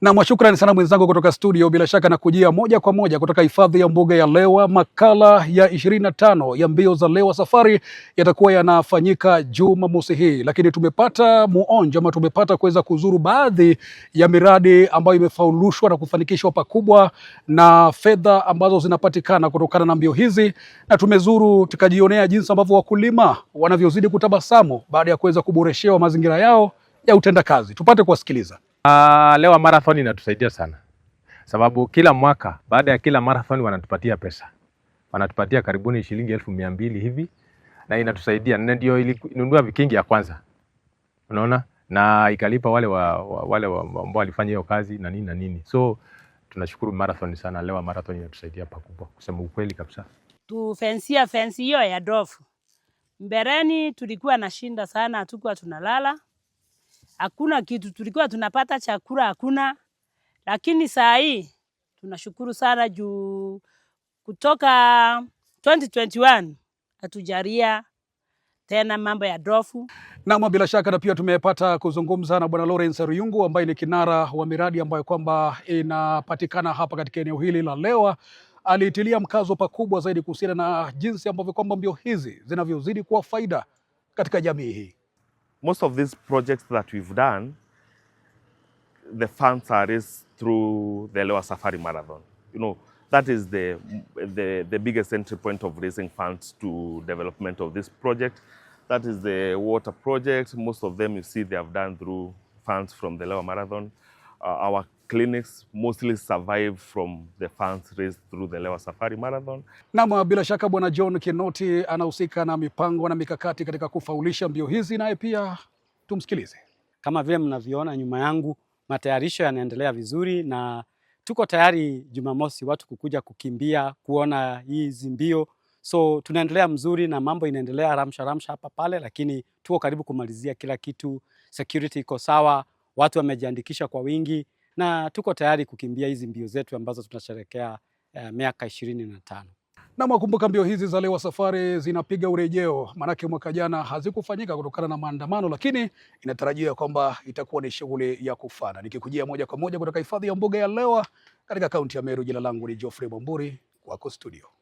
Na mwashukrani sana mwenzangu kutoka studio. Bila shaka nakujia moja kwa moja kutoka hifadhi ya mbuga ya Lewa. Makala ya ishirini na tano ya mbio za Lewa Safari yatakuwa yanafanyika Jumamosi hii, lakini tumepata muonjo ama tumepata kuweza kuzuru baadhi ya miradi ambayo imefaulushwa na kufanikishwa pakubwa na fedha ambazo zinapatikana kutokana na mbio hizi, na tumezuru tukajionea jinsi ambavyo wakulima wanavyozidi kutabasamu baada ya kuweza kuboreshewa mazingira yao ya utendakazi. Tupate kuwasikiliza. Uh, ah, Lewa Marathon inatusaidia sana sababu kila mwaka baada ya kila marathon wanatupatia pesa, wanatupatia karibuni shilingi elfu mia mbili hivi, na inatusaidia na ndio ilinunua vikingi ya kwanza, unaona, na ikalipa wale wa, wa, wale ambao walifanya hiyo kazi na nini na nini. So tunashukuru marathon sana, Lewa Marathon inatusaidia pakubwa, kusema ukweli kabisa. Tufensia fensi hiyo ya dofu mbereni tulikuwa nashinda sana, hatukuwa tunalala hakuna kitu, tulikuwa tunapata chakula hakuna, lakini saa hii tunashukuru sana juu kutoka 2021 hatujaria tena mambo ya dofu. nam bila shaka na pia tumepata kuzungumza na Bwana Lawrence Ruyungu ambaye ni kinara wa miradi ambayo kwamba inapatikana hapa katika eneo hili la Lewa. Aliitilia mkazo pakubwa zaidi kuhusiana na jinsi ambavyo kwamba mbio hizi zinavyozidi kuwa faida katika jamii hii most of these projects that we've done, the funds are raised through the lower Safari Marathon. You know, that is the, the, the biggest entry point of raising funds to development of this project. That is the water project. Most of them you see they have done through funds from the lower Marathon. Uh, our clinics mostly survive from the funds raised through the Lewa Safari Marathon. Naam, bila shaka Bwana John Kinoti anahusika na mipango na mikakati katika kufaulisha mbio hizi, naye pia tumsikilize. Kama vile mnavyoona nyuma yangu, matayarisho yanaendelea vizuri na tuko tayari Jumamosi watu kukuja kukimbia kuona hizi mbio, so tunaendelea mzuri na mambo inaendelea ramsha ramsha hapa pale, lakini tuko karibu kumalizia kila kitu. Security iko sawa, watu wamejiandikisha kwa wingi na tuko tayari kukimbia hizi mbio zetu ambazo tunasherekea uh, eh, miaka ishirini na tano. Na mbio hizi za Lewa Safari zinapiga urejeo, maanake mwaka jana hazikufanyika kutokana na maandamano, lakini inatarajiwa kwamba itakuwa ni shughuli ya kufana. Nikikujia moja kwa moja kutoka hifadhi ya mbuga ya Lewa katika kaunti ya Meru, jina langu ni Geoffrey Mwamburi, wako studio.